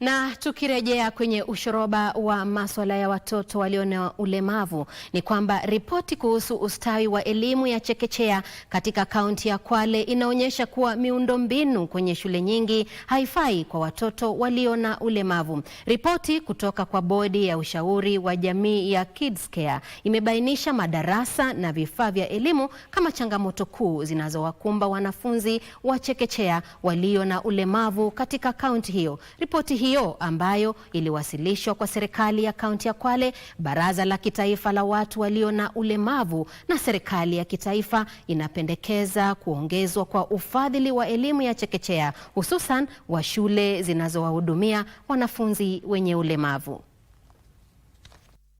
Na tukirejea kwenye ushoroba wa masuala ya watoto walio na ulemavu ni kwamba ripoti kuhusu ustawi wa elimu ya chekechea katika kaunti ya Kwale inaonyesha kuwa miundombinu kwenye shule nyingi haifai kwa watoto walio na ulemavu. Ripoti kutoka kwa bodi ya ushauri wa jamii ya Kids Care imebainisha madarasa na vifaa vya elimu kama changamoto kuu zinazowakumba wanafunzi wa chekechea walio na ulemavu katika kaunti hiyo. Ripoti hiyo ambayo iliwasilishwa kwa serikali ya kaunti ya Kwale, baraza la kitaifa la watu walio na ulemavu na serikali ya kitaifa inapendekeza kuongezwa kwa ufadhili wa elimu ya chekechea, hususan wa shule zinazowahudumia wanafunzi wenye ulemavu.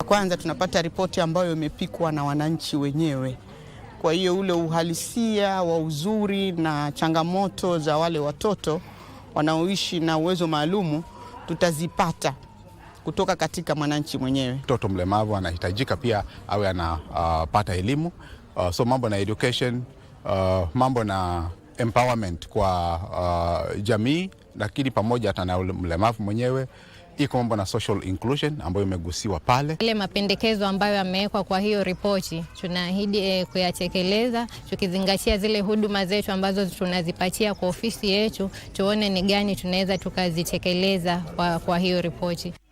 Kwanza tunapata ripoti ambayo imepikwa na wananchi wenyewe kwa hiyo ule uhalisia wa uzuri na changamoto za wale watoto wanaoishi na uwezo maalumu tutazipata kutoka katika mwananchi mwenyewe. Mtoto mlemavu anahitajika pia awe anapata uh, elimu uh, so mambo na education uh, mambo na empowerment kwa uh, jamii, lakini pamoja hata na mlemavu mwenyewe iko mambo na social inclusion ambayo imegusiwa pale. Ile mapendekezo ambayo yamewekwa kwa hiyo ripoti tunaahidi eh, kuyatekeleza tukizingatia zile huduma zetu ambazo tunazipatia kwa ofisi yetu, tuone ni gani tunaweza tukazitekeleza kwa, kwa hiyo ripoti.